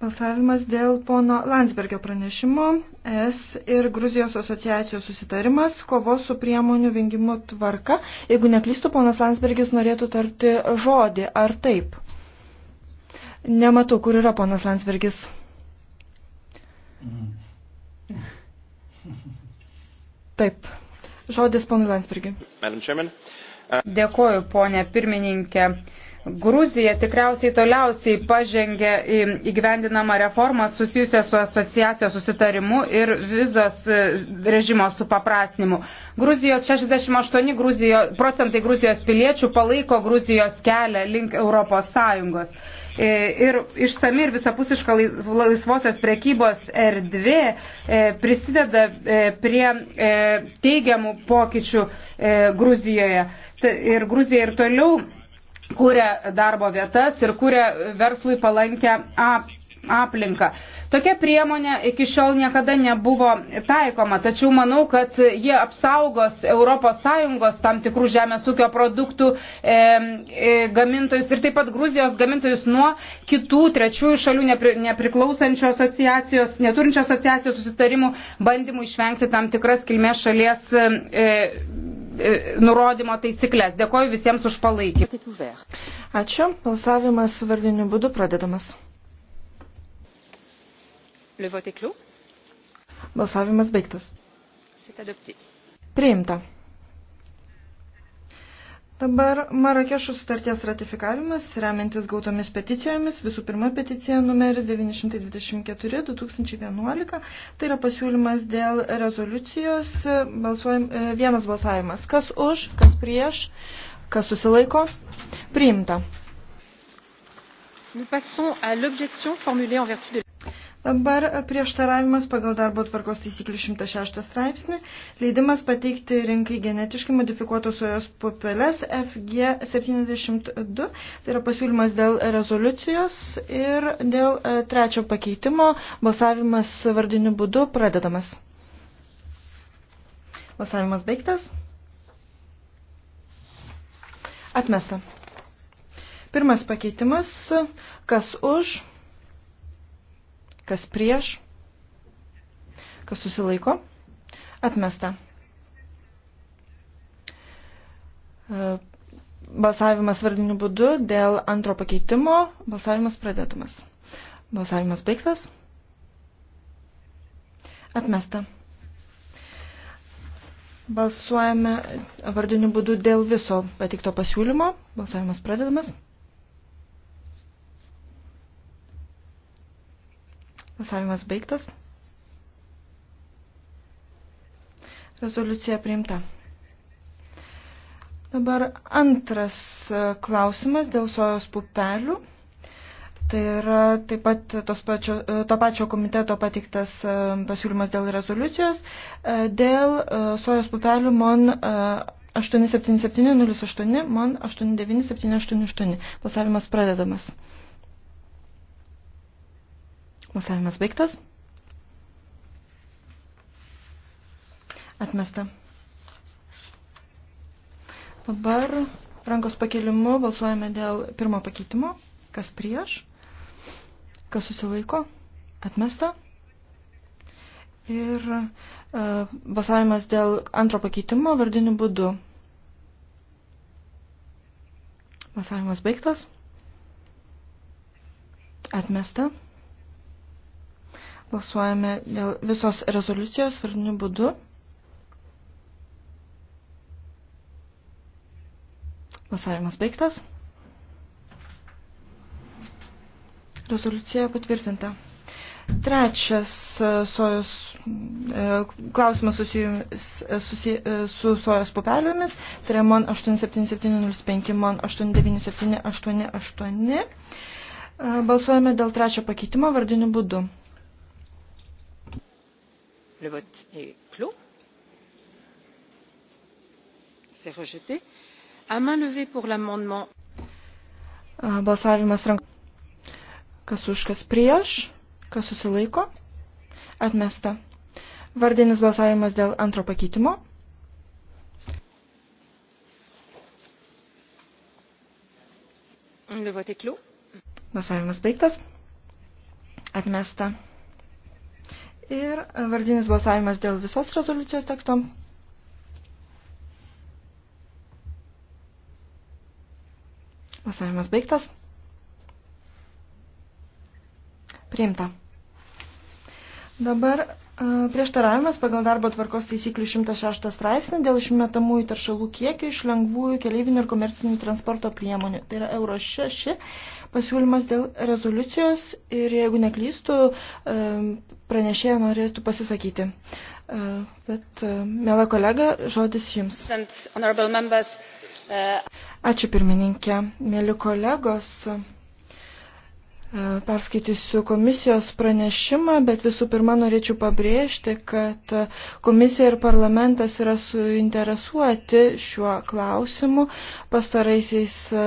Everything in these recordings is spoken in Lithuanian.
Balsavimas dėl pono Landsbergio pranešimo S ir Gruzijos asociacijos susitarimas kovos su priemonių vengimu tvarka. Jeigu neklystu, ponas Landsbergis norėtų tarti žodį. Ar taip? Nematau, kur yra ponas Landsbergis. Taip. Žodis ponui Landsbergiui. Dėkuoju, ponė pirmininkė. Gruzija tikriausiai toliausiai pažengė įgyvendinamą reformą susijusią su asociacijos susitarimu ir vizos e, režimo supaprastinimu. Gruzijos 68 Gruzijo, procentai Gruzijos piliečių palaiko Gruzijos kelią link Europos Sąjungos. E, ir išsami ir visapusiška laisvosios prekybos erdvė e, prisideda prie teigiamų pokyčių Gruzijoje. Ir Gruzija ir toliau kūrė darbo vietas ir kūrė verslui palankę aplinką. Tokia priemonė iki šiol niekada nebuvo taikoma, tačiau manau, kad jie apsaugos ES tam tikrų žemės ūkio produktų e, e, gamintojus ir taip pat Gruzijos gamintojus nuo kitų trečiųjų šalių nepri, nepriklausančių asociacijos, neturinčių asociacijos susitarimų bandymų išvengti tam tikras kilmės šalies e, E, nurodymo taisyklės. Dėkoju visiems už palaikymą. Ačiū. Balsavimas vardiniu būdu pradedamas. Balsavimas baigtas. Priimta. Dabar Marakešų sutarties ratifikavimas, remiantis gautomis peticijomis, visų pirma peticija numeris 924-2011, tai yra pasiūlymas dėl rezoliucijos, balsuojam, e, vienas balsavimas. Kas už, kas prieš, kas susilaiko, priimta. Nous passons à l'objection formulée en vertu de Dabar prieštaravimas pagal darbo tvarkos taisyklių 106 straipsnį. Leidimas pateikti rinkai genetiškai modifikuotos sojos pupelės FG72. Tai yra pasiūlymas dėl rezoliucijos ir dėl e, trečio pakeitimo balsavimas vardiniu būdu pradedamas. Balsavimas baigtas. Atmesta. Pirmas pakeitimas. Kas už? Kas prieš? Kas susilaiko? Atmesta. E, balsavimas vardiniu būdu dėl antro pakeitimo. Balsavimas pradedamas. Balsavimas baigtas. Atmesta. Balsuojame vardiniu būdu dėl viso patikto pasiūlymo. Balsavimas pradedamas. Balsavimas baigtas. Rezoliucija priimta. Dabar antras e, klausimas dėl sojos pupelių. Tai yra taip pat pačio, e, to pačio komiteto patiktas e, pasiūlymas dėl rezoliucijos dėl sojos pupelių MON 87708, MON 89778. Pasavimas pradedamas. Balsavimas baigtas. Atmesta. Dabar rankos pakelimu balsuojame dėl pirmo pakeitimo. Kas prieš? Kas susilaiko? Atmesta. Ir e, balsavimas dėl antro pakeitimo vardiniu būdu. Balsavimas baigtas. Atmesta. Balsuojame dėl visos rezoliucijos ar ne būdu. Balsavimas baigtas. Rezoliucija patvirtinta. Trečias e, sojos, e, klausimas susijus, e, susi, su sojos pupelėmis. Tai yra MON 87705, MON 89788. Balsuojame dėl trečio pakeitimo vardiniu būdu le vote est clos c'est rejeté à main levée pour l'amendement balsavimas rank kas už kas prieš kas susilaiko atmesta vardinis balsavimas dėl antro pakeitimo Le vote est clos. Balsavimas baigtas. Atmesta. Ir vardinis balsavimas dėl visos rezoliucijos teksto. Balsavimas baigtas. Priimta. Dabar e, prieštaravimas pagal darbo tvarkos taisyklių 106 straipsnį dėl išmetamųjų taršalų kiekio iš lengvųjų keleivinių ir komercinių transporto priemonių. Tai yra Euro 6 pasiūlymas dėl rezoliucijos ir jeigu neklystų, e, pranešėja norėtų pasisakyti. E, bet, mėla kolega, žodis jums. Ačiū pirmininkė, mėly kolegos. E, perskaitysiu komisijos pranešimą, bet visų pirma norėčiau pabrėžti, kad komisija ir parlamentas yra suinteresuoti šiuo klausimu. Pastaraisiais e,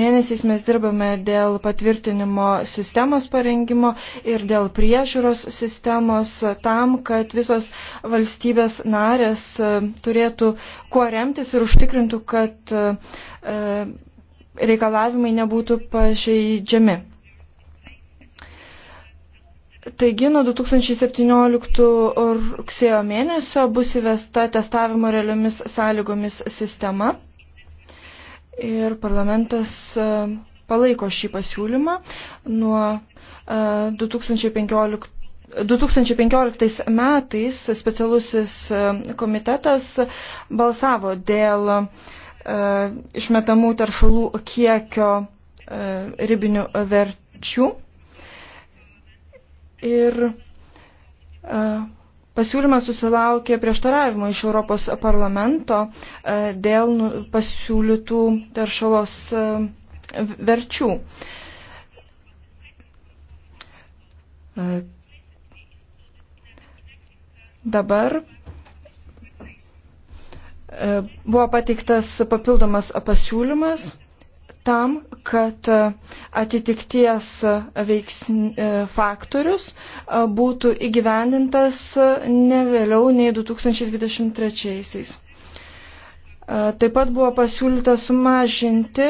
mėnesiais mes dirbame dėl patvirtinimo sistemos parengimo ir dėl priežiūros sistemos tam, kad visos valstybės narės e, turėtų kuo remtis ir užtikrintų, kad reikalavimai nebūtų pažeidžiami. Taigi nuo 2017 rugsėjo mėnesio bus įvesta testavimo realiomis sąlygomis sistema ir parlamentas e, palaiko šį pasiūlymą. Nuo 2015 e, 2015 metais specialusis e, komitetas balsavo dėl e, išmetamų taršalų kiekio e, ribinių verčių ir e, pasiūlymas susilaukė prieštaravimo iš Europos parlamento e, dėl nu, pasiūlytų teršalos e, verčių. Dabar buvo pateiktas papildomas pasiūlymas tam, kad e, atitikties e, veiksn... E, faktorius būtų įgyvendintas ne vėliau nei 2023. Taip pat buvo pasiūlyta sumažinti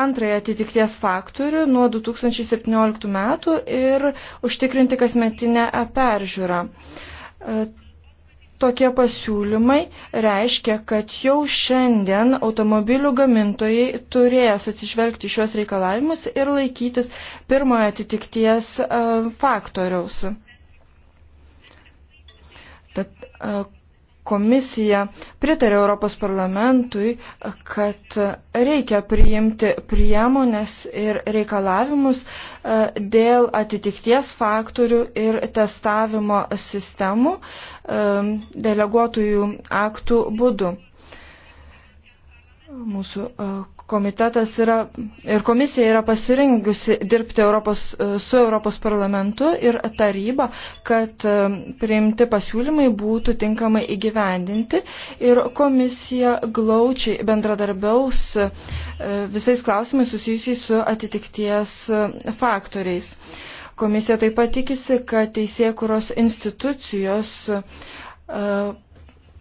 antrąją atitikties faktorių nuo 2017 metų ir užtikrinti kasmetinę peržiūrą. Tokie pasiūlymai reiškia, kad jau šiandien automobilių gamintojai turės atsižvelgti šios reikalavimus ir laikytis pirmojo atitikties e, faktoriaus. Tad e, komisija pritarė Europos parlamentui, kad reikia priimti priemonės ir reikalavimus e, dėl atitikties faktorių ir testavimo sistemų e, deleguotųjų aktų būdu. Mūsų e, komitetas yra ir komisija yra pasirengusi dirbti Europos, e, su Europos parlamentu ir taryba, kad e, priimti pasiūlymai būtų tinkamai įgyvendinti ir komisija glaučiai bendradarbiaus e, visais klausimais susijusiais su atitikties faktoriais. Komisija taip pat tikisi, kad teisėkuros institucijos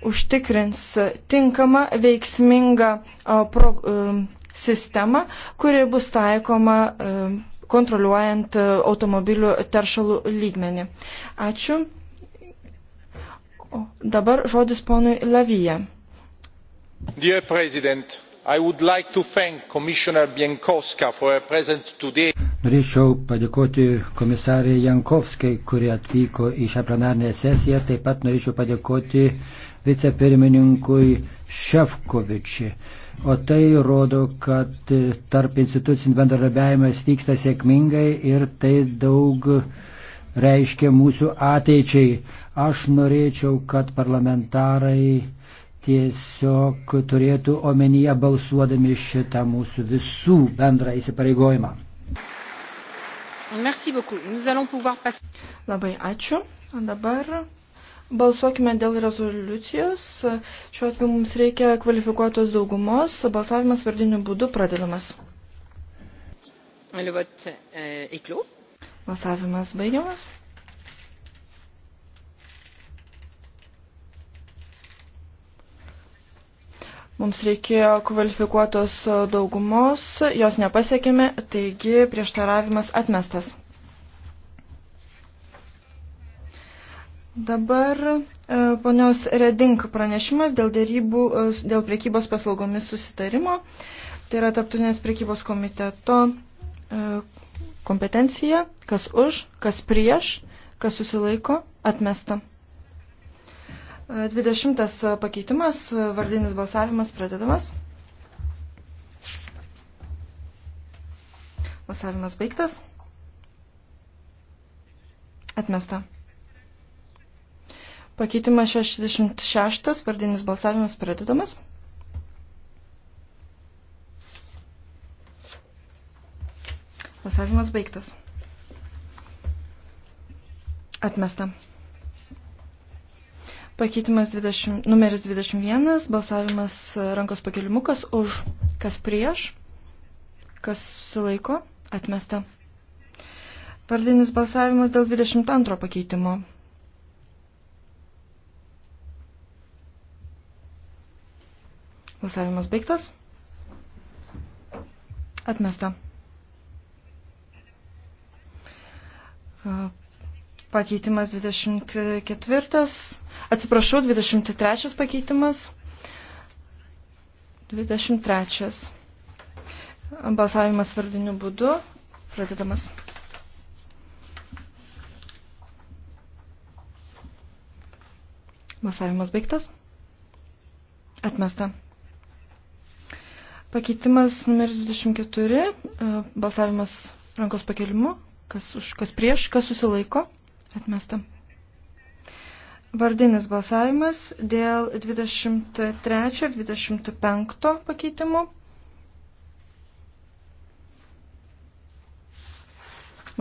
užtikrins tinkamą, veiksmingą pro, sistemą, kuri bus taikoma kontroliuojant automobilių teršalų lygmenį. Ačiū. O dabar žodis ponui Lavyje. Dear President, I would like to thank Commissioner Bienkowska for her presence today. Norėčiau padėkoti komisarė Jankovskai, kuri atvyko į šią plenarnę sesiją. Taip pat norėčiau padėkoti uh, vicepirmininkui Šefkovičiui. O tai rodo, kad tarp institucinį bendradarbiavimas vyksta sėkmingai ir tai daug reiškia mūsų ateičiai. Aš norėčiau, kad parlamentarai tiesiog turėtų omenyje balsuodami šitą mūsų visų bendrą įsipareigojimą. Labai ačiū. O dabar Balsuokime dėl rezoliucijos. Šiuo atveju mums reikia kvalifikuotos daugumos. Balsavimas vardiniu būdu pradedamas. Euh, Balsavimas baigiamas. Mums reikėjo kvalifikuotos daugumos, jos nepasiekėme, taigi prieštaravimas atmestas. Dabar e, ponios Redink pranešimas dėl dėrybų, e, dėl priekybos paslaugomis susitarimo. Tai yra taptunės priekybos komiteto e, kompetencija, kas už, kas prieš, kas susilaiko, atmesta. 20 pakeitimas, vardinis balsavimas pradedamas. Balsavimas baigtas. Atmesta. Pakeitimas 66, vardinis balsavimas pradedamas. Balsavimas baigtas. Atmesta. Pakeitimas 20, numeris 21, balsavimas rankos pakelimukas už kas prieš, kas sulaiko, atmesta. Vardinis balsavimas dėl 22 pakeitimo. Balsavimas baigtas. Atmesta. Pakeitimas 24. Atsiprašau, 23 pakeitimas. 23. Balsavimas vardiniu būdu. Pradedamas. Balsavimas baigtas. Atmesta. Pakeitimas numeris 24, e, balsavimas rankos pakelimu, kas, už, kas prieš, kas susilaiko, atmesta. Vardinis balsavimas dėl 23-25 pakeitimų.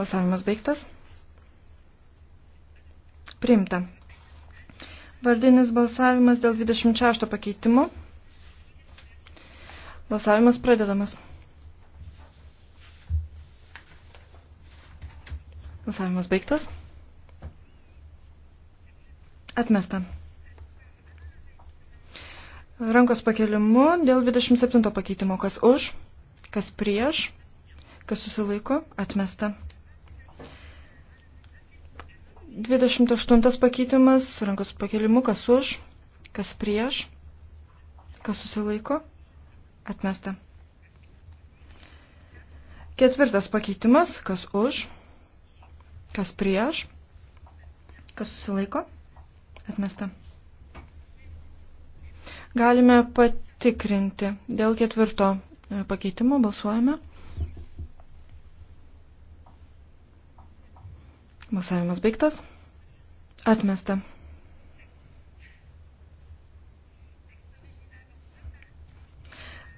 Balsavimas baigtas. Priimta. Vardinis balsavimas dėl 26 pakeitimo. Balsavimas pradedamas. Balsavimas baigtas. Atmesta. Rankos pakelimu dėl 27 pakeitimo. Kas už, kas prieš, kas susilaiko, atmesta. 28 pakeitimas, rankos pakelimu, kas už, kas prieš, kas susilaiko, Atmesta. Ketvirtas pakeitimas, kas už, kas prieš, kas susilaiko, atmesta. Galime patikrinti. Dėl ketvirto e, pakeitimo balsuojame. Balsavimas baigtas. Atmesta.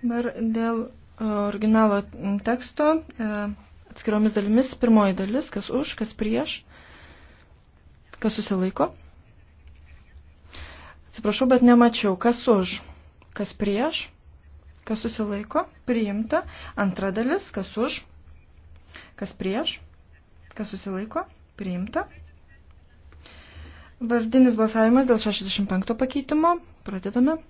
Dabar dėl e, originalo teksto e, atskiromis dalimis. Pirmoji dalis, kas už, kas prieš, kas susilaiko. Atsiprašau, bet nemačiau, kas už, kas prieš, kas susilaiko, priimta. Antra dalis, kas už, kas prieš, kas susilaiko, priimta. Vardinis balsavimas dėl 65 pakeitimo. Pradedame.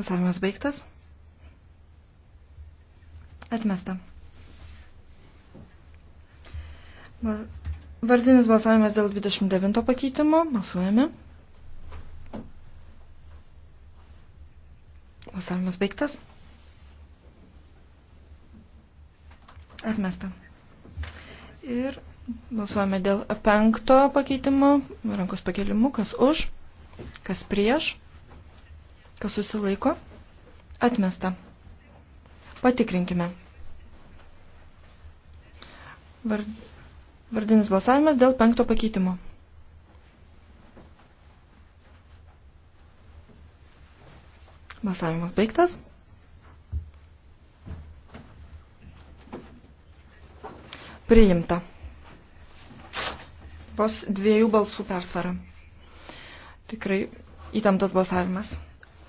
Balsavimas baigtas. Atmesta. Vardinis balsavimas dėl 29 pakeitimo. Balsuojame. Balsavimas baigtas. Atmesta. Ir balsuojame dėl penkto pakeitimo, rankos pakelimu, kas už, kas prieš. Kas susilaiko? Atmesta. Patikrinkime. Vardinis balsavimas dėl penkto pakeitimo. Balsavimas baigtas. Priimta. Vos dviejų balsų persvara. Tikrai įtamtas balsavimas.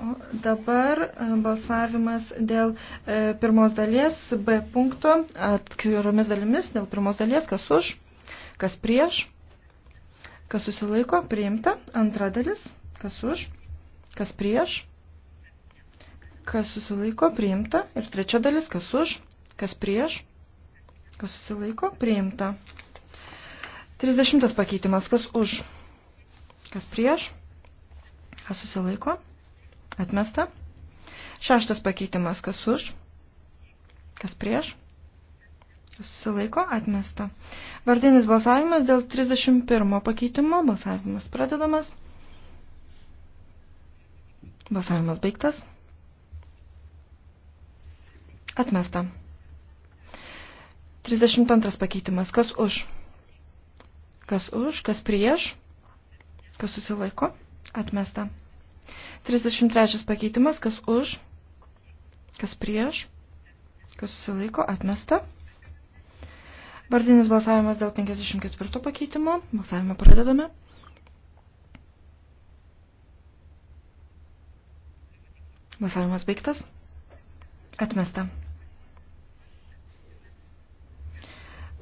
O dabar e, balsavimas dėl e, pirmos dalies B punkto atskiromis dalimis, dėl pirmos dalies, kas už, kas prieš, kas susilaiko, priimta, antra dalis, kas už, kas prieš, kas susilaiko, priimta ir trečia dalis, kas už, kas prieš, kas susilaiko, priimta. 30 pakeitimas, kas už, kas prieš, kas susilaiko, priimta. Atmesta. Šeštas pakeitimas, kas už, kas prieš, kas susilaiko, atmesta. Vardinis balsavimas dėl 31 pakeitimo, balsavimas pradedamas. Balsavimas baigtas. Atmesta. 32 pakeitimas. Kas už? Kas už, kas prieš, kas susilaiko? Atmesta. 33 pakeitimas, kas už, kas prieš, kas susilaiko, atmesta. Vardinis balsavimas dėl 54 pakeitimo. Balsavimą pradedame. Balsavimas baigtas. Atmesta.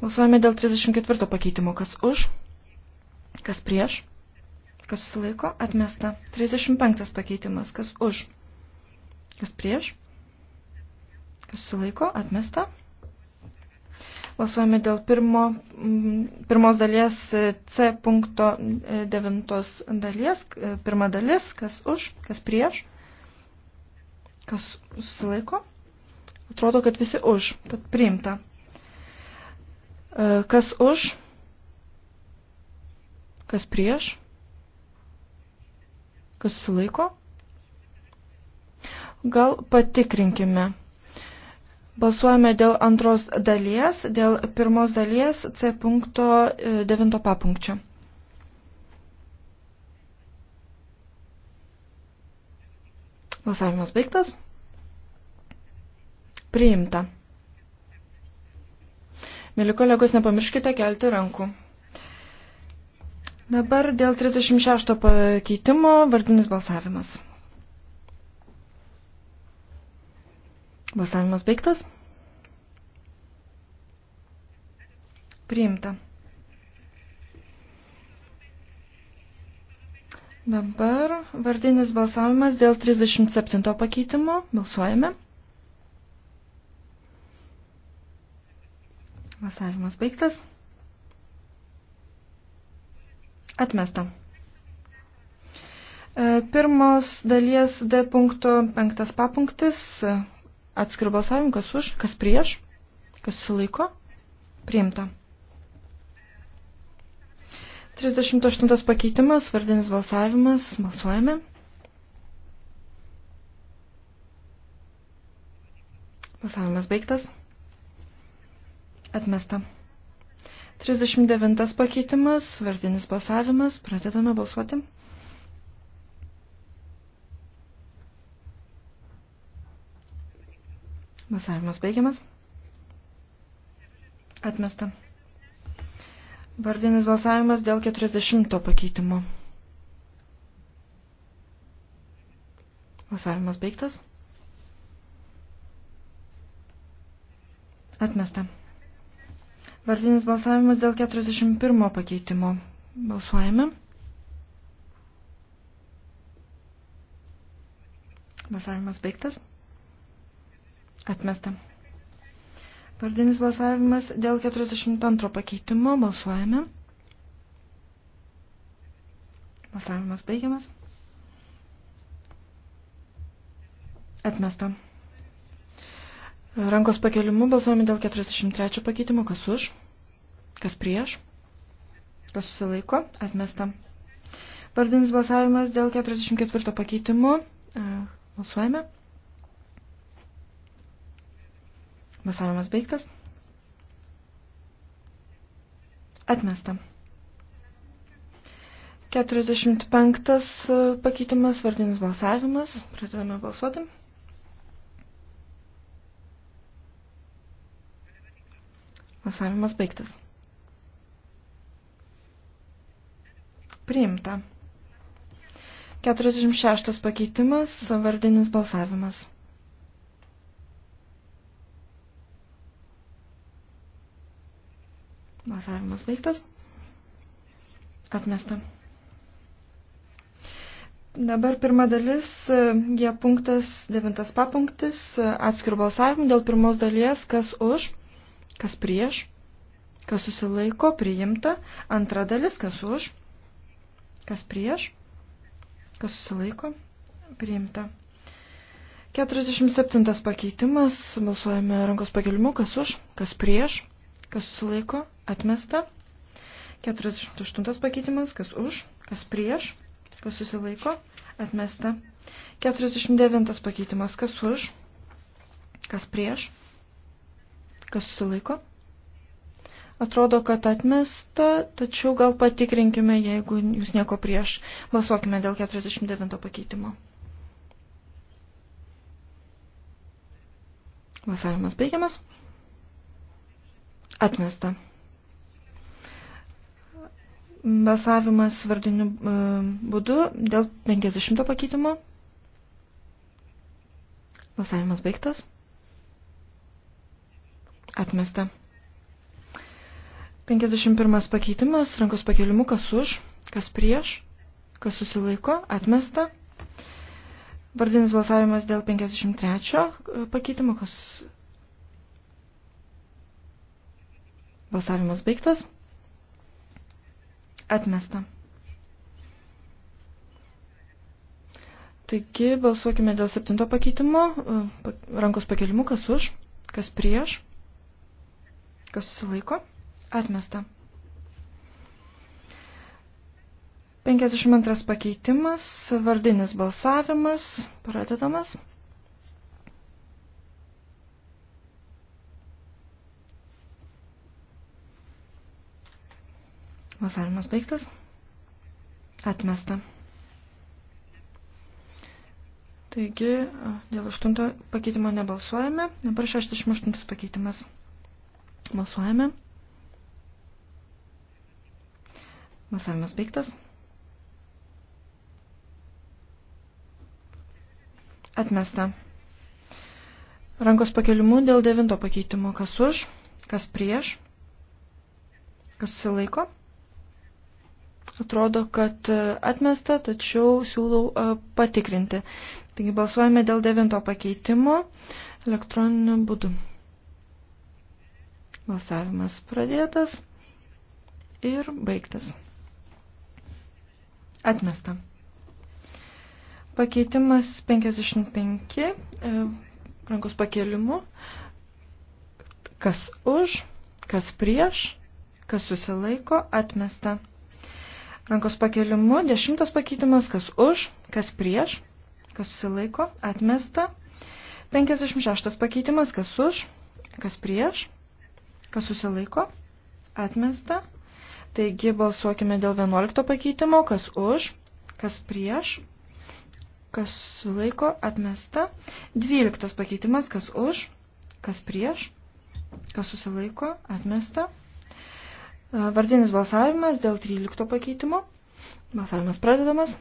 Balsuojame dėl 34 pakeitimo. Kas už, kas prieš, Kas susilaiko? Atmesta. 35 pakeitimas. Kas už? Kas prieš? Kas susilaiko? Atmesta. Balsuojame dėl pirmo, pirmos dalies C punkto e, devintos dalies. E, pirma dalis. Kas už? Kas prieš? Kas susilaiko? Atrodo, kad visi už. Tad priimta. E, kas už? Kas prieš? Kas susilaiko? Gal patikrinkime. Balsuojame dėl antros dalies, dėl pirmos dalies C punkto 9 e, papunkčio. Balsavimas baigtas. Priimta. Mėly kolegos, nepamirškite kelti rankų. Dabar dėl 36 pakeitimo vardinis balsavimas. Balsavimas baigtas. Priimta. Dabar vardinis balsavimas dėl 37 pakeitimo. Balsuojame. Balsavimas baigtas. Atmesta. E, pirmos dalies D punkto penktas papunktis. Atskiriu balsavimą, kas už, kas prieš, kas susilaiko. Priimta. 38 pakeitimas, vardinis balsavimas, balsuojame. Balsavimas baigtas. Atmesta. 39 pakeitimas, vardinis balsavimas, pradedame balsuoti. Balsavimas baigiamas. Atmesta. Vardinis balsavimas dėl 40 pakeitimo. Balsavimas baigtas. Atmesta. Vardinis balsavimas dėl 41 pakeitimo. Balsuojame. Balsavimas baigtas. Atmesta. Vardinis balsavimas dėl 42 pakeitimo. Balsuojame. Balsavimas baigiamas. Atmesta. Rankos pakelimu balsuojame dėl 43 pakeitimo. Kas už? Kas prieš? Kas susilaiko? Atmesta. Vardinis balsavimas dėl 44 pakeitimo. E, balsuojame. Balsavimas baigtas. Atmesta. 45 pakeitimas, vardinis balsavimas. Pradedame balsuoti. Balsavimas baigtas. Priimta. 46 pakeitimas, vardinis balsavimas. Balsavimas baigtas. Atmesta. Dabar pirma dalis, jie punktas, devintas papunktis, atskirų balsavimų dėl pirmos dalies, kas už, kas prieš, kas susilaiko, priimta, antra dalis, kas už, kas prieš, kas susilaiko, priimta. 47 pakeitimas, balsuojame rankos pakelimu, kas už, kas prieš, kas susilaiko, atmesta. 48 pakeitimas, kas už, kas prieš, kas susilaiko, atmesta. 49 pakeitimas, kas už, kas prieš, Kas susilaiko? Atrodo, kad atmesta, tačiau gal patikrinkime, jeigu jūs nieko prieš. Balsuokime dėl 49 pakeitimo. Vasavimas baigiamas. Atmesta. Balsavimas vardiniu e, būdu dėl 50 pakeitimo. Balsavimas baigtas. Atmesta. 51 pakeitimas, rankos pakelimu, kas už, kas prieš, kas susilaiko, atmesta. Vardinis balsavimas dėl 53 e, pakeitimo, kas balsavimas baigtas, atmesta. Taigi balsuokime dėl septinto pakeitimo, e, rankos pakelimu, kas už, kas prieš, Kas susilaiko? Atmesta. 52 pakeitimas, vardinis balsavimas, pradedamas. Balsavimas baigtas. Atmesta. Taigi, dėl 8 pakeitimo nebalsuojame. Dabar 68 pakeitimas. Balsuojame. Balsavimas baigtas. Atmesta. Rankos pakelimu dėl devinto pakeitimo. Kas už, kas prieš, kas susilaiko. Atrodo, kad e, atmesta, tačiau siūlau e, patikrinti. Taigi balsuojame dėl devinto pakeitimo elektroniniu būdu. Balsavimas pradėtas ir baigtas. Atmesta. Pakeitimas 55 e, rankos pakelimu. Kas už, kas prieš, kas susilaiko, atmesta. Rankos pakelimu dešimtas pakeitimas, kas už, kas prieš, kas susilaiko, atmesta. 56 pakeitimas, kas už, kas prieš, Kas susilaiko? Atmesta. Taigi balsuokime dėl 11 pakeitimo. Kas už? Kas prieš? Kas sulaiko? Atmesta. 12 pakeitimas. Kas už? Kas prieš? Kas susilaiko? Atmesta. E, vardinis balsavimas dėl 13 pakeitimo. Balsavimas pradedamas.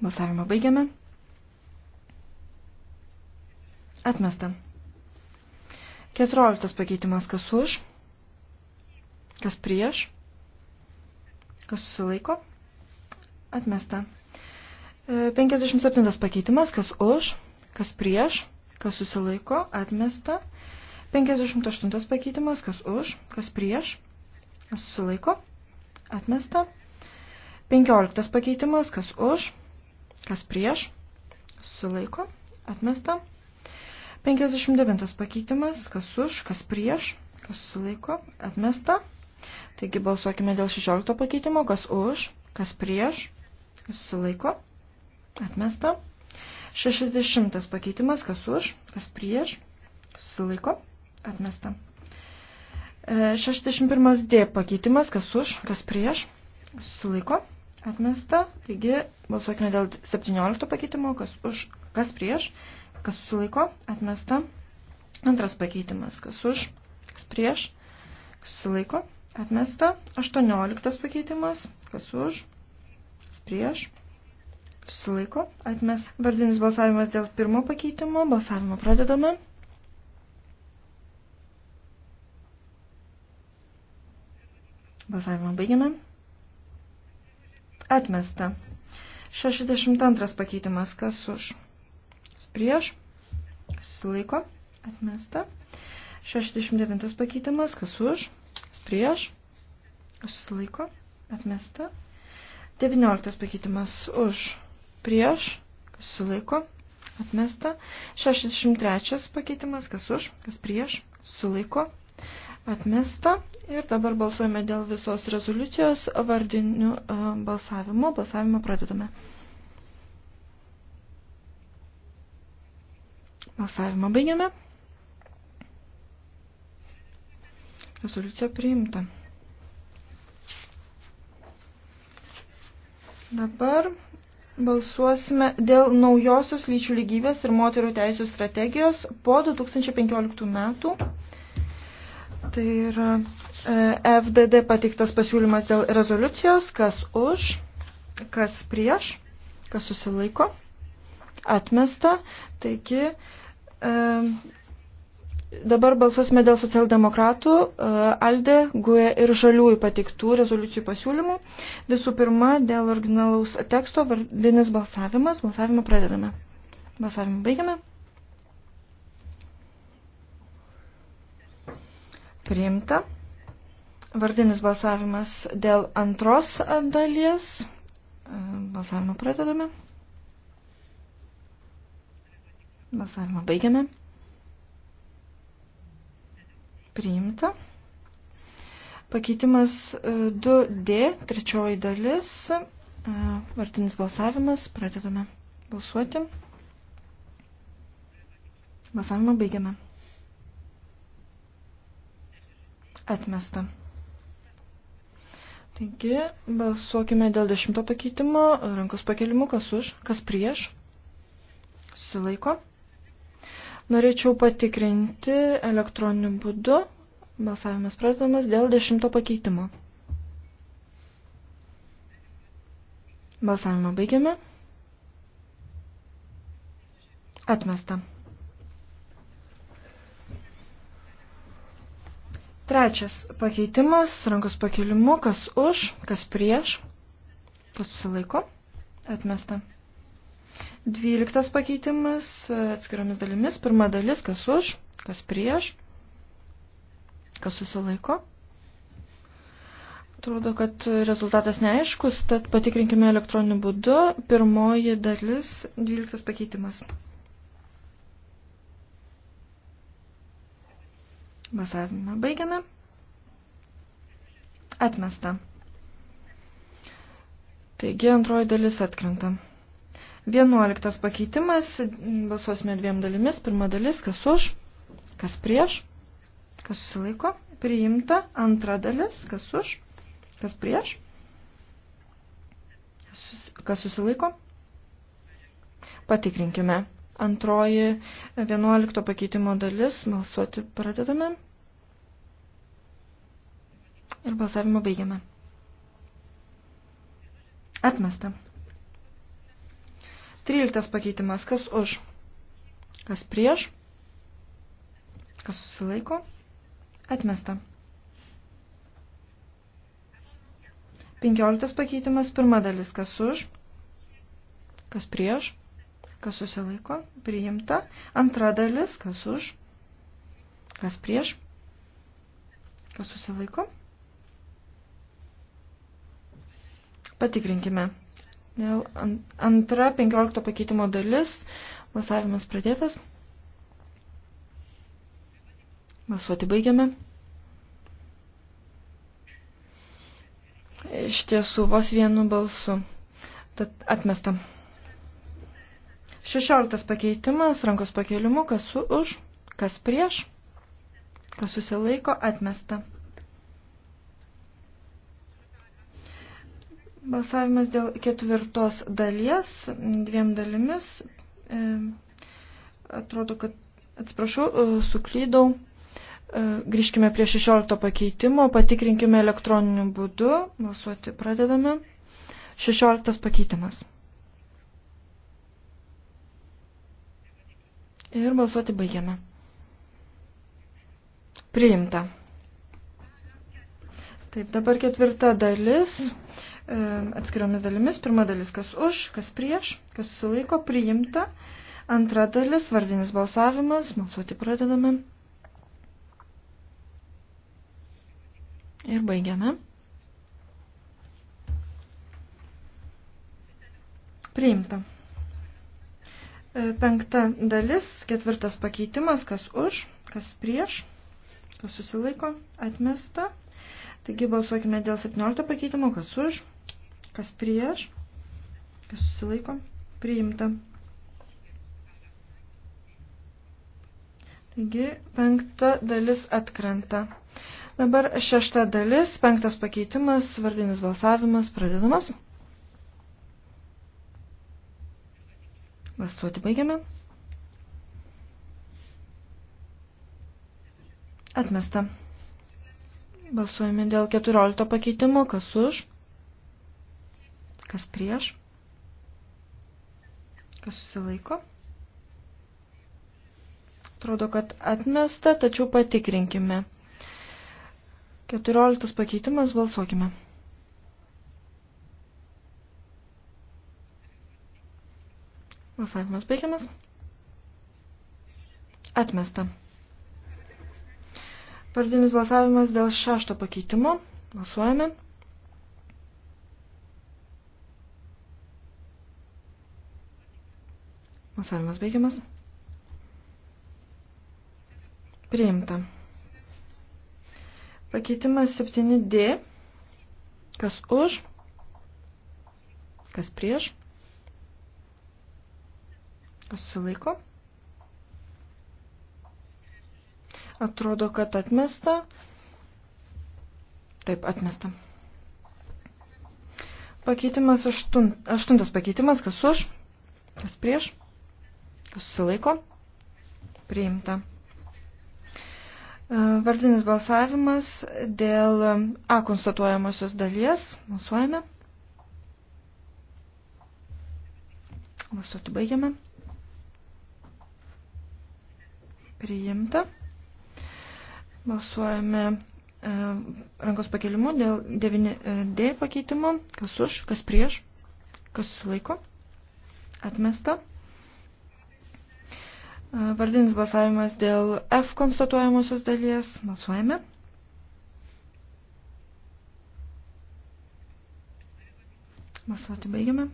Balsavimą baigiame. Atmesta. Keturioliktas pakeitimas, kas už, kas prieš, kas susilaiko, atmesta. 57 e, pakeitimas, kas už, kas prieš, kas susilaiko, atmesta. 58 pakeitimas, kas už, kas prieš, kas susilaiko, atmesta. 15 pakeitimas, kas už, kas prieš, susilaiko, atmesta. 59 pakeitimas, kas už, kas prieš, kas susilaiko, atmesta. Taigi balsuokime dėl 16 pakeitimo, kas už, kas prieš, kas susilaiko, atmesta. 60 pakeitimas, kas už, kas prieš, kas susilaiko, atmesta. 61 e, D pakeitimas, kas už, kas prieš, kas susilaiko, atmesta. Taigi balsuokime dėl 17 pakeitimo, kas už, kas prieš, kas Kas susilaiko? Atmesta. Antras pakeitimas. Kas už? Kas prieš? Kas susilaiko? Atmesta. Aštuonioliktas pakeitimas. Kas už? Kas prieš? Kas susilaiko? Atmesta. Vardinis balsavimas dėl pirmo pakeitimo. Balsavimą pradedame. Balsavimą baigiame. Atmesta. 62 pakeitimas. Kas už? prieš, susilaiko, atmesta. 69 pakeitimas, kas už, kas prieš, susilaiko, atmesta. 19 pakeitimas už, prieš, kas susilaiko, atmesta. 63 pakeitimas, kas už, kas prieš, susilaiko, atmesta. Ir dabar balsuojame dėl visos rezoliucijos vardiniu e, balsavimu. Balsavimą pradedame. Balsavimą baigiame. Rezoliucija priimta. Dabar balsuosime dėl naujosios lyčių lygybės ir moterų teisų strategijos po 2015 metų. Tai yra e, FDD pateiktas pasiūlymas dėl rezoliucijos, kas už, kas prieš, kas susilaiko, atmesta. Taigi, Dabar balsuosime dėl socialdemokratų, e, Alde, Guė ir Žaliųjų patiktų rezoliucijų pasiūlymų. Visų pirma, dėl originalaus teksto vardinis balsavimas. Balsavimą pradedame. Balsavimą baigiame. Priimta. Vardinis balsavimas dėl antros dalies. E, balsavimą pradedame. Balsavimą baigiame. Priimta. Pakeitimas 2D, e, trečioji dalis, e, vartinis balsavimas, pradedame balsuoti. Balsavimą baigiame. Atmesta. Taigi, balsuokime dėl dešimto pakeitimo, rankos pakelimu, kas už, kas prieš. Susilaiko. Norėčiau patikrinti elektroniniu būdu. Balsavimas pradedamas dėl dešimto pakeitimo. Balsavimą baigiame. Atmesta. Trečias pakeitimas, rankos pakelimu, kas už, kas prieš, kas susilaiko, atmesta. Dvyliktas pakeitimas atskiromis dalimis. Pirma dalis, kas už, kas prieš, kas susilaiko. Atrodo, kad rezultatas neaiškus, tad patikrinkime elektroniniu būdu. Pirmoji dalis, dvyliktas pakeitimas. Basavimą baigiame. Atmesta. Taigi antroji dalis atkrenta. Vienuoliktas pakeitimas, balsuosime dviem dalimis. Pirma dalis, kas už, kas prieš, kas susilaiko, priimta. Antra dalis, kas už, kas prieš, kas susilaiko. Patikrinkime. Antroji vienuolikto pakeitimo dalis, balsuoti pradedame. Ir balsavimą baigiame. Atmesta. 13 pakeitimas. Kas už? Kas prieš? Kas susilaiko? Atmesta. 15 pakeitimas. Pirma dalis. Kas už? Kas prieš? Kas susilaiko? Priimta. Antra dalis. Kas už? Kas prieš? Kas susilaiko? Patikrinkime. Antra 15 pakeitimo dalis. Balsavimas pradėtas. Balsuoti baigiame. Iš tiesų, vos vienu balsu. Tad atmesta. 16 pakeitimas, rankos pakelimu, kas su už, kas prieš, kas susilaiko, atmesta. Balsavimas dėl ketvirtos dalies, dviem dalimis. E, atrodo, kad, atsiprašau, e, suklydau. E, grįžkime prie 16 pakeitimo, patikrinkime elektroniniu būdu, balsuoti pradedame. 16 pakeitimas. Ir balsuoti baigiame. Priimta. Taip, dabar ketvirta dalis. Mm. E, atskiriomis dalimis. Pirma dalis, kas už, kas prieš, kas susilaiko, priimta. Antra dalis, vardinis balsavimas, balsuoti pradedame. Ir baigiame. Priimta. E, penkta dalis, ketvirtas pakeitimas, kas už, kas prieš, kas susilaiko, atmesta. Taigi balsuokime dėl 17 pakeitimo, kas už, Kas prieš? Kas susilaiko? Priimta. Taigi, penkta dalis atkrenta. Dabar šešta dalis, penktas pakeitimas, vardinis balsavimas, pradedamas. Balsuoti baigiame. Atmesta. Balsuojame dėl 14 pakeitimo, kas už, Kas prieš? Kas susilaiko? Atrodo, kad atmesta, tačiau patikrinkime. 14 pakeitimas, balsuokime. Balsavimas baigiamas. Atmesta. Partinis balsavimas dėl šešto pakeitimo. Balsuojame. Balsuojame. Balsavimas baigiamas. Priimta. Pakeitimas 7D. Kas už? Kas prieš? Kas susilaiko? Atrodo, kad atmesta. Taip, atmesta. Pakeitimas aštunt, aštuntas pakeitimas, kas už, kas prieš, Susilaiko. Priimta. E, vardinis balsavimas dėl A konstatuojamosios dalies. Balsuojame. Balsuoti baigiame. Priimta. Balsuojame e, rankos pakelimu dėl 9D e, pakeitimo. Kas už, kas prieš, kas susilaiko. Atmesta. Vardinis balsavimas dėl F konstatuojamosios dalies. Balsuojame. Balsuoti baigiame.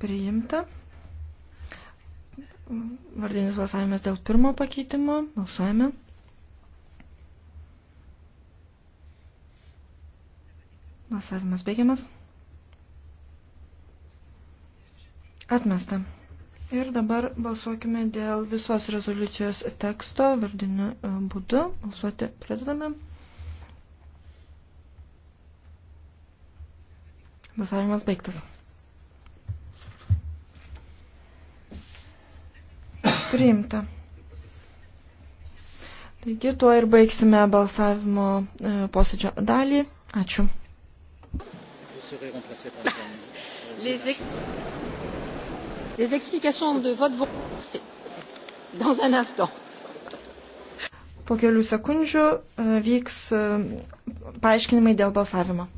Priimta. Vardinis balsavimas dėl pirmo pakeitimo. Balsuojame. Balsavimas baigiamas. Atmesta. Ir dabar balsuokime dėl visos rezoliucijos teksto vardiniu e, būdu. Balsuoti pradedame. Balsavimas baigtas. Priimta. Taigi tuo ir baigsime balsavimo e, posėdžio dalį. Ačiū. Les les explications de vote vont commencer dans un instant. Po kelių sekundžių e, vyks e, paaiškinimai dėl balsavimo.